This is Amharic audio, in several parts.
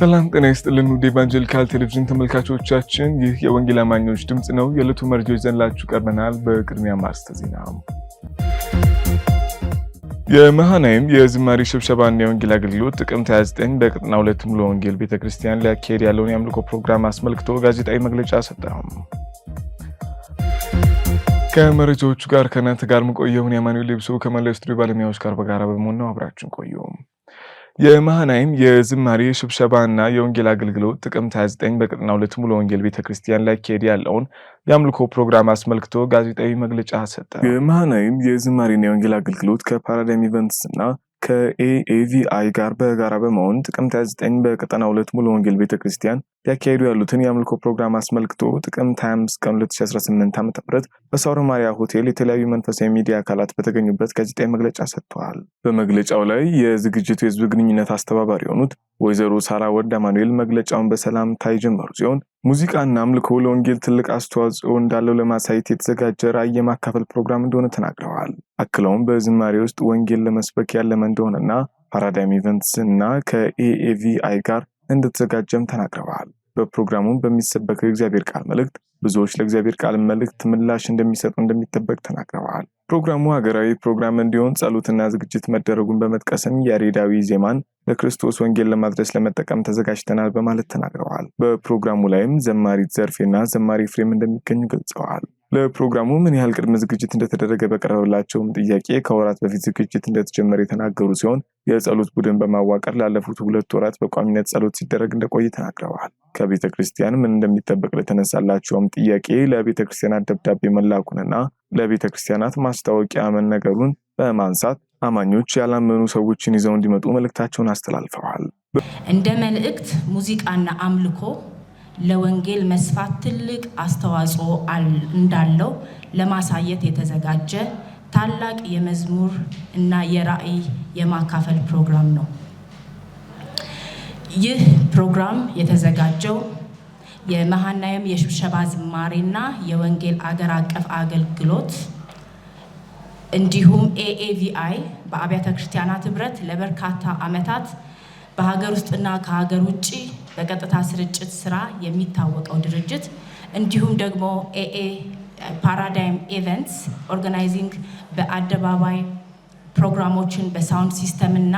ሰላም ጤና ይስጥልን ውድ ኤቫንጀሊካል ቴሌቪዥን ተመልካቾቻችን፣ ይህ የወንጌል አማኞች ድምፅ ነው። የዕለቱ መረጃዎች ይዘንላችሁ ቀርበናል። በቅድሚያ ማርስተ ዜና። የመሃናይም የዝማሬ ሽብሸባና የወንጌል አገልግሎት ጥቅምት 29 በቅጥና ሁለት ሙሉ ወንጌል ቤተክርስቲያን ሊያካሄድ ያለውን የአምልኮ ፕሮግራም አስመልክቶ ጋዜጣዊ መግለጫ ሰጠ። ከመረጃዎቹ ጋር ከእናንተ ጋር መቆየውን የአማኑኤል ልብሶ ከመለስቱዲዮ ባለሙያዎች ጋር በጋራ በመሆን ነው። አብራችን ቆየውም የመሃናይም የዝማሬ ስብሰባና የወንጌል አገልግሎት ጥቅምት 29 በቅጥና ሁለት ሙሉ ወንጌል ቤተ ክርስቲያን ላይ ካሄድ ያለውን የአምልኮ ፕሮግራም አስመልክቶ ጋዜጣዊ መግለጫ ሰጠ። የመሃናይም የዝማሬና የወንጌል አገልግሎት ከፓራዳይም ኢቨንትስና ከኤኤቪአይ ጋር በጋራ በመሆን ጥቅምት 29 በቀጠና 2 ሙሉ ወንጌል ቤተ ክርስቲያን ሊያካሄዱ ያሉትን የአምልኮ ፕሮግራም አስመልክቶ ጥቅምት 25 ቀን 2018 ዓ ም በሳሮ ማሪያ ሆቴል የተለያዩ መንፈሳዊ ሚዲያ አካላት በተገኙበት ጋዜጣዊ መግለጫ ሰጥተዋል። በመግለጫው ላይ የዝግጅቱ የህዝብ ግንኙነት አስተባባሪ የሆኑት ወይዘሮ ሳራ ወርድ አማኑኤል መግለጫውን በሰላምታ የጀመሩ ሲሆን ሙዚቃና አምልኮ ለወንጌል ትልቅ አስተዋጽኦ እንዳለው ለማሳየት የተዘጋጀ ራዕይ የማካፈል ፕሮግራም እንደሆነ ተናግረዋል። አክለውም በዝማሬ ውስጥ ወንጌል ለመስበክ ያለመ እንደሆነና ፓራዳይም ኢቨንትስ እና ከኤኤቪአይ ጋር እንደተዘጋጀም ተናግረዋል። በፕሮግራሙም በሚሰበከው የእግዚአብሔር ቃል መልእክት ብዙዎች ለእግዚአብሔር ቃል መልእክት ምላሽ እንደሚሰጡ እንደሚጠበቅ ተናግረዋል። ፕሮግራሙ ሀገራዊ ፕሮግራም እንዲሆን ጸሎትና ዝግጅት መደረጉን በመጥቀስም ያሬዳዊ ዜማን ለክርስቶስ ወንጌል ለማድረስ ለመጠቀም ተዘጋጅተናል በማለት ተናግረዋል። በፕሮግራሙ ላይም ዘማሪት ዘርፌና ዘማሪ ፍሬም እንደሚገኙ ገልጸዋል። ለፕሮግራሙ ምን ያህል ቅድመ ዝግጅት እንደተደረገ በቀረበላቸውም ጥያቄ ከወራት በፊት ዝግጅት እንደተጀመረ የተናገሩ ሲሆን የጸሎት ቡድን በማዋቀር ላለፉት ሁለት ወራት በቋሚነት ጸሎት ሲደረግ እንደቆየ ተናግረዋል። ከቤተ ክርስቲያን ምን እንደሚጠበቅ ለተነሳላቸውም ጥያቄ ለቤተ ክርስቲያናት ደብዳቤ መላኩንና ለቤተ ክርስቲያናት ማስታወቂያ መነገሩን በማንሳት አማኞች ያላመኑ ሰዎችን ይዘው እንዲመጡ መልእክታቸውን አስተላልፈዋል። እንደ መልእክት ሙዚቃና አምልኮ ለወንጌል መስፋት ትልቅ አስተዋጽኦ እንዳለው ለማሳየት የተዘጋጀ ታላቅ የመዝሙር እና የራዕይ የማካፈል ፕሮግራም ነው። ይህ ፕሮግራም የተዘጋጀው የመሃናይም የሽብሸባ ዝማሬና የወንጌል አገር አቀፍ አገልግሎት እንዲሁም ኤኤቪአይ በአብያተ ክርስቲያናት ህብረት ለበርካታ ዓመታት በሀገር ውስጥና ከሀገር ውጭ በቀጥታ ስርጭት ስራ የሚታወቀው ድርጅት እንዲሁም ደግሞ ኤኤ ፓራዳይም ኤቨንትስ ኦርጋናይዚንግ በአደባባይ ፕሮግራሞችን በሳውንድ ሲስተም እና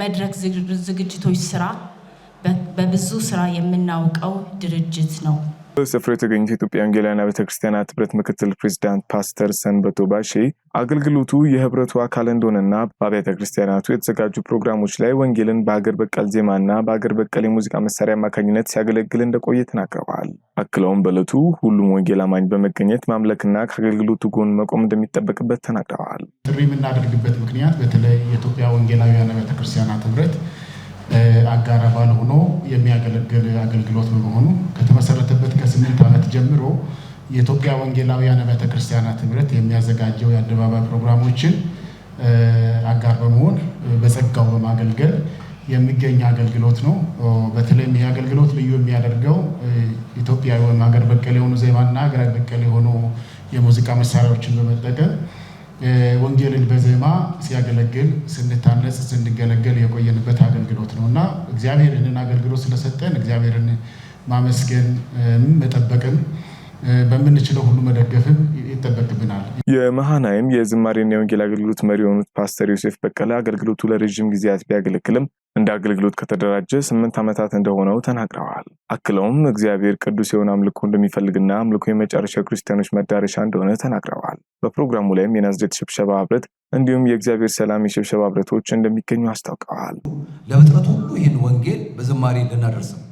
መድረክ ዝግጅቶች ስራ በብዙ ስራ የምናውቀው ድርጅት ነው። በስፍራው የተገኙት የኢትዮጵያ ወንጌላውያን ቤተክርስቲያናት ክርስቲያናት ህብረት ምክትል ፕሬዚዳንት ፓስተር ሰንበቶ ባሼ አገልግሎቱ የህብረቱ አካል እንደሆነና በአብያተ ክርስቲያናቱ የተዘጋጁ ፕሮግራሞች ላይ ወንጌልን በአገር በቀል ዜማና በአገር በቀል የሙዚቃ መሳሪያ አማካኝነት ሲያገለግል እንደቆየ ተናግረዋል። አክለውም በዕለቱ ሁሉም ወንጌል አማኝ በመገኘት ማምለክና ከአገልግሎቱ ጎን መቆም እንደሚጠበቅበት ተናግረዋል። ጥሪ የምናደርግበት ምክንያት በተለይ የኢትዮጵያ ወንጌላውያን ቤተክርስቲያናት ህብረት አጋር አባል ሆኖ የሚያገለግል አገልግሎት በመሆኑ ከተመሰረተበት ከስምንት ዓመት ጀምሮ የኢትዮጵያ ወንጌላውያን አብያተ ክርስቲያናት የሚያዘጋጀው የአደባባይ ፕሮግራሞችን አጋር በመሆን በጸጋው በማገልገል የሚገኝ አገልግሎት ነው። በተለይም ይህ አገልግሎት ልዩ የሚያደርገው ኢትዮጵያዊ ወይም ሀገር በቀል የሆኑ ዜማና ሀገራዊ በቀል የሆኑ የሙዚቃ መሳሪያዎችን በመጠቀም ወንጌልን በዜማ ሲያገለግል ስንታነጽ ስንገለገል የቆየንበት አገልግሎት ነው እና እግዚአብሔር ይህንን አገልግሎት ስለሰጠን እግዚአብሔርን ማመስገን መጠበቅን በምንችለው ሁሉ መደገፍም ይጠበቅብናል። የመሃናይም የዝማሬና የወንጌል አገልግሎት መሪ የሆኑት ፓስተር ዮሴፍ በቀለ አገልግሎቱ ለረዥም ጊዜያት ቢያገለግልም እንደ አገልግሎት ከተደራጀ ስምንት ዓመታት እንደሆነው ተናግረዋል። አክለውም እግዚአብሔር ቅዱስ የሆነ አምልኮ እንደሚፈልግና አምልኮ የመጨረሻ ክርስቲያኖች መዳረሻ እንደሆነ ተናግረዋል። በፕሮግራሙ ላይም የናዝሬት ሽብሸባ ህብረት እንዲሁም የእግዚአብሔር ሰላም የሽብሸባ ህብረቶች እንደሚገኙ አስታውቀዋል። ለፍጥረት ሁሉ ይህን ወንጌል በዝማሬ እንድናደርስም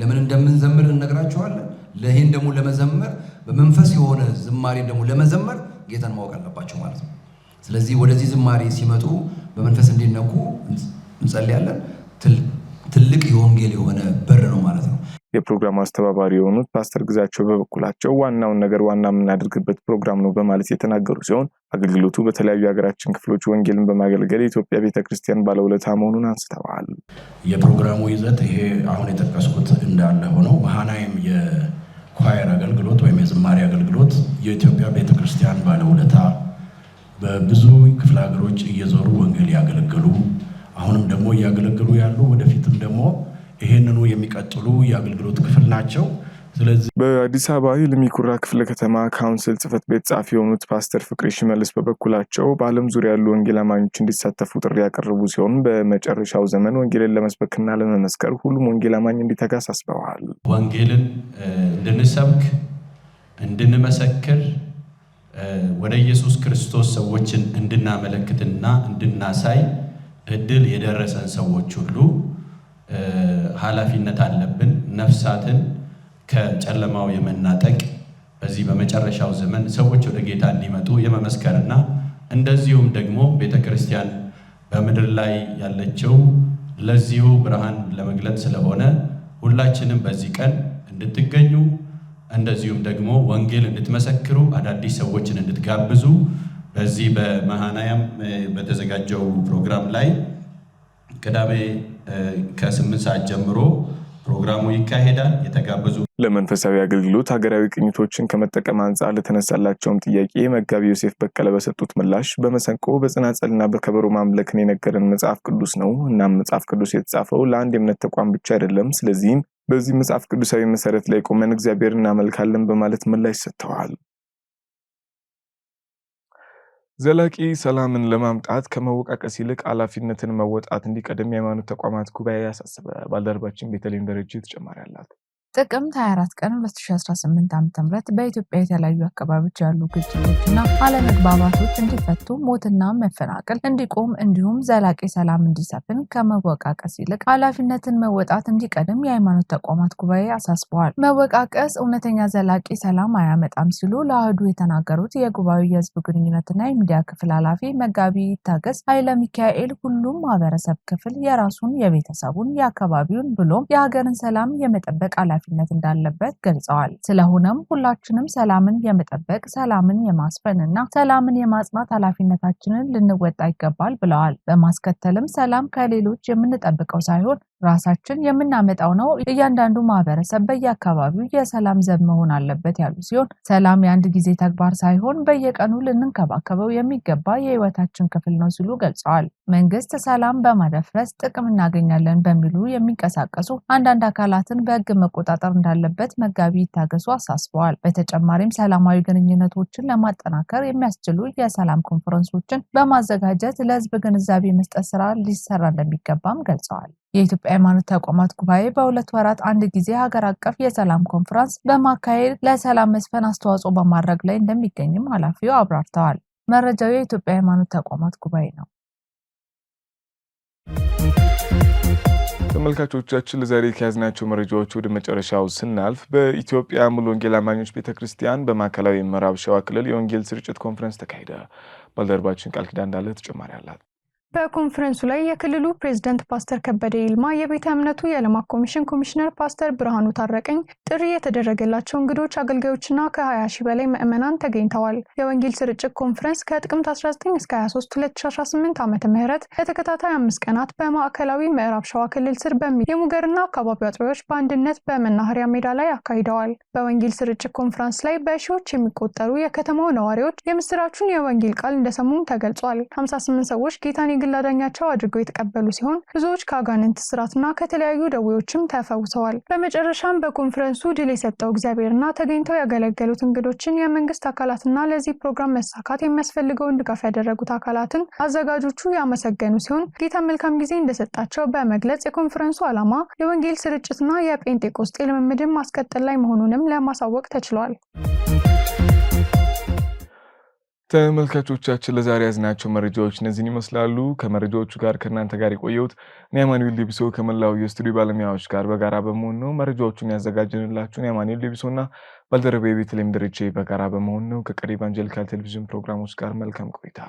ለምን እንደምንዘምር እንነግራቸዋለን። ለይህን ደግሞ ለመዘመር በመንፈስ የሆነ ዝማሬ ደግሞ ለመዘመር ጌታን ማወቅ አለባቸው ማለት ነው። ስለዚህ ወደዚህ ዝማሬ ሲመጡ በመንፈስ እንዲነኩ እንጸልያለን። ትልቅ የወንጌል የሆነ በር ነው ማለት ነው። የፕሮግራሙ አስተባባሪ የሆኑት ፓስተር ግዛቸው በበኩላቸው ዋናውን ነገር ዋና የምናደርግበት ፕሮግራም ነው በማለት የተናገሩ ሲሆን አገልግሎቱ በተለያዩ የሀገራችን ክፍሎች ወንጌልን በማገልገል የኢትዮጵያ ቤተክርስቲያን ባለውለታ መሆኑን አንስተዋል። የፕሮግራሙ ይዘት ይሄ አሁን የጠቀስኩት እንዳለ ሆነው ሃናይም ኳየር አገልግሎት ወይም የዝማሬ አገልግሎት የኢትዮጵያ ቤተክርስቲያን ባለውለታ በብዙ ክፍለ ሀገሮች እየዞሩ ወንጌል ያገለገሉ አሁንም ደግሞ እያገለገሉ ያሉ ወደፊትም ደግሞ ይሄንኑ የሚቀጥሉ የአገልግሎት ክፍል ናቸው። ስለዚህ በአዲስ አበባ የለሚኩራ ክፍለ ከተማ ካውንስል ጽህፈት ቤት ጻፊ የሆኑት ፓስተር ፍቅሬ ሽመልስ በበኩላቸው በዓለም ዙሪያ ያሉ ወንጌል አማኞች እንዲሳተፉ ጥሪ ያቀረቡ ሲሆን በመጨረሻው ዘመን ወንጌልን ለመስበክና ለመመስከር ሁሉም ወንጌል አማኝ እንዲተጋ አሳስበዋል። ወንጌልን እንድንሰብክ እንድንመሰክር፣ ወደ ኢየሱስ ክርስቶስ ሰዎችን እንድናመለክትና እንድናሳይ እድል የደረሰን ሰዎች ሁሉ ኃላፊነት አለብን ነፍሳትን ከጨለማው የመናጠቅ በዚህ በመጨረሻው ዘመን ሰዎች ወደ ጌታ እንዲመጡ የመመስከርና እንደዚሁም ደግሞ ቤተ ክርስቲያን በምድር ላይ ያለችው ለዚሁ ብርሃን ለመግለጥ ስለሆነ ሁላችንም በዚህ ቀን እንድትገኙ እንደዚሁም ደግሞ ወንጌል እንድትመሰክሩ አዳዲስ ሰዎችን እንድትጋብዙ በዚህ በመሃናያም በተዘጋጀው ፕሮግራም ላይ ቅዳሜ ከስምንት ሰዓት ጀምሮ ፕሮግራሙ ይካሄዳል። የተጋበዙ ለመንፈሳዊ አገልግሎት ሀገራዊ ቅኝቶችን ከመጠቀም አንጻር ለተነሳላቸውም ጥያቄ መጋቢ ዮሴፍ በቀለ በሰጡት ምላሽ በመሰንቆ በጽናጸልና በከበሮ ማምለክን የነገረን መጽሐፍ ቅዱስ ነው። እናም መጽሐፍ ቅዱስ የተጻፈው ለአንድ የእምነት ተቋም ብቻ አይደለም። ስለዚህም በዚህ መጽሐፍ ቅዱሳዊ መሰረት ላይ ቆመን እግዚአብሔር እናመልካለን በማለት ምላሽ ሰጥተዋል። ዘላቂ ሰላምን ለማምጣት ከመወቃቀስ ይልቅ ኃላፊነትን መወጣት እንዲቀደም የሃይማኖት ተቋማት ጉባኤ ያሳሰበ። ባልደረባችን ቤተልሔም ደረጀ ተጨማሪ አላት። ጥቅምት 24 ቀን 2018 ዓ.ም በኢትዮጵያ የተለያዩ አካባቢዎች ያሉ ግጭቶችና አለመግባባቶች እንዲፈቱ ሞትና መፈናቀል እንዲቆም እንዲሁም ዘላቂ ሰላም እንዲሰፍን ከመወቃቀስ ይልቅ ኃላፊነትን መወጣት እንዲቀድም የሃይማኖት ተቋማት ጉባኤ አሳስበዋል። መወቃቀስ እውነተኛ ዘላቂ ሰላም አያመጣም ሲሉ ለአህዱ የተናገሩት የጉባኤው የህዝብ ግንኙነትና የሚዲያ ክፍል ኃላፊ መጋቢ ይታገስ ኃይለ ሚካኤል ሁሉም ማህበረሰብ ክፍል የራሱን የቤተሰቡን፣ የአካባቢውን ብሎም የሀገርን ሰላም የመጠበቅ ኃላፊ ኃላፊነት እንዳለበት ገልጸዋል። ስለሆነም ሁላችንም ሰላምን የመጠበቅ ሰላምን የማስፈን እና ሰላምን የማጽናት ኃላፊነታችንን ልንወጣ ይገባል ብለዋል። በማስከተልም ሰላም ከሌሎች የምንጠብቀው ሳይሆን ራሳችን የምናመጣው ነው። እያንዳንዱ ማህበረሰብ በየአካባቢው የሰላም ዘብ መሆን አለበት ያሉ ሲሆን ሰላም የአንድ ጊዜ ተግባር ሳይሆን በየቀኑ ልንንከባከበው የሚገባ የህይወታችን ክፍል ነው ሲሉ ገልጸዋል። መንግስት ሰላም በማደፍረስ ጥቅም እናገኛለን በሚሉ የሚንቀሳቀሱ አንዳንድ አካላትን በህግ መቆጣጠር እንዳለበት መጋቢ ይታገሱ አሳስበዋል። በተጨማሪም ሰላማዊ ግንኙነቶችን ለማጠናከር የሚያስችሉ የሰላም ኮንፈረንሶችን በማዘጋጀት ለህዝብ ግንዛቤ መስጠት ስራ ሊሰራ እንደሚገባም ገልጸዋል። የኢትዮጵያ ሃይማኖት ተቋማት ጉባኤ በሁለት ወራት አንድ ጊዜ ሀገር አቀፍ የሰላም ኮንፈረንስ በማካሄድ ለሰላም መስፈን አስተዋጽኦ በማድረግ ላይ እንደሚገኝም ኃላፊው አብራርተዋል። መረጃው የኢትዮጵያ ሃይማኖት ተቋማት ጉባኤ ነው። ተመልካቾቻችን ለዛሬ ከያዝናቸው መረጃዎች ወደ መጨረሻው ስናልፍ በኢትዮጵያ ሙሉ ወንጌል አማኞች ቤተ ክርስቲያን በማዕከላዊ ምዕራብ ሸዋ ክልል የወንጌል ስርጭት ኮንፈረንስ ተካሄደ። ባልደረባችን ቃል ኪዳን እንዳለ ተጨማሪ አላት። በኮንፈረንሱ ላይ የክልሉ ፕሬዝደንት ፓስተር ከበደ ይልማ፣ የቤተ እምነቱ የልማት ኮሚሽን ኮሚሽነር ፓስተር ብርሃኑ ታረቀኝ፣ ጥሪ የተደረገላቸው እንግዶች፣ አገልጋዮችና ከ20 ሺ በላይ ምዕመናን ተገኝተዋል። የወንጌል ስርጭት ኮንፈረንስ ከጥቅምት 19 እስከ 23 2018 ዓ ም ለተከታታይ አምስት ቀናት በማዕከላዊ ምዕራብ ሸዋ ክልል ስር በሚ የሙገርና አካባቢው አጥቢያዎች በአንድነት በመናኸሪያ ሜዳ ላይ አካሂደዋል። በወንጌል ስርጭት ኮንፈረንስ ላይ በሺዎች የሚቆጠሩ የከተማው ነዋሪዎች የምስራቹን የወንጌል ቃል እንደሰሙም ተገልጿል። 58 ሰዎች ጌታን የግል አዳኛቸው አድርገው የተቀበሉ ሲሆን ብዙዎች ከአጋንንት ስራትና ከተለያዩ ደዌዎችም ተፈውሰዋል። በመጨረሻም በኮንፈረንሱ ድል የሰጠው እግዚአብሔርና ተገኝተው ያገለገሉት እንግዶችን፣ የመንግስት አካላትና ለዚህ ፕሮግራም መሳካት የሚያስፈልገውን ድጋፍ ያደረጉት አካላትን አዘጋጆቹ ያመሰገኑ ሲሆን ጌታ መልካም ጊዜ እንደሰጣቸው በመግለጽ የኮንፈረንሱ ዓላማ የወንጌል ስርጭትና የጴንጤቆስጤ ልምምድን ማስቀጠል ላይ መሆኑንም ለማሳወቅ ተችሏል። ተመልካቾቻችን ለዛሬ ያዝናቸው መረጃዎች እነዚህን ይመስላሉ። ከመረጃዎቹ ጋር ከእናንተ ጋር የቆየሁት እኔ አማኑኤል ሊቢሶ ከመላው የስቱዲዮ ባለሙያዎች ጋር በጋራ በመሆን ነው። መረጃዎቹን ያዘጋጀንላችሁ እኔ አማኑኤል ሊቢሶ እና ባልደረባዬ ቤተልሔም ደረጀ በጋራ በመሆን ነው። ከቀሪ ኢቫንጀሊካል ቴሌቪዥን ፕሮግራሞች ጋር መልካም ቆይታ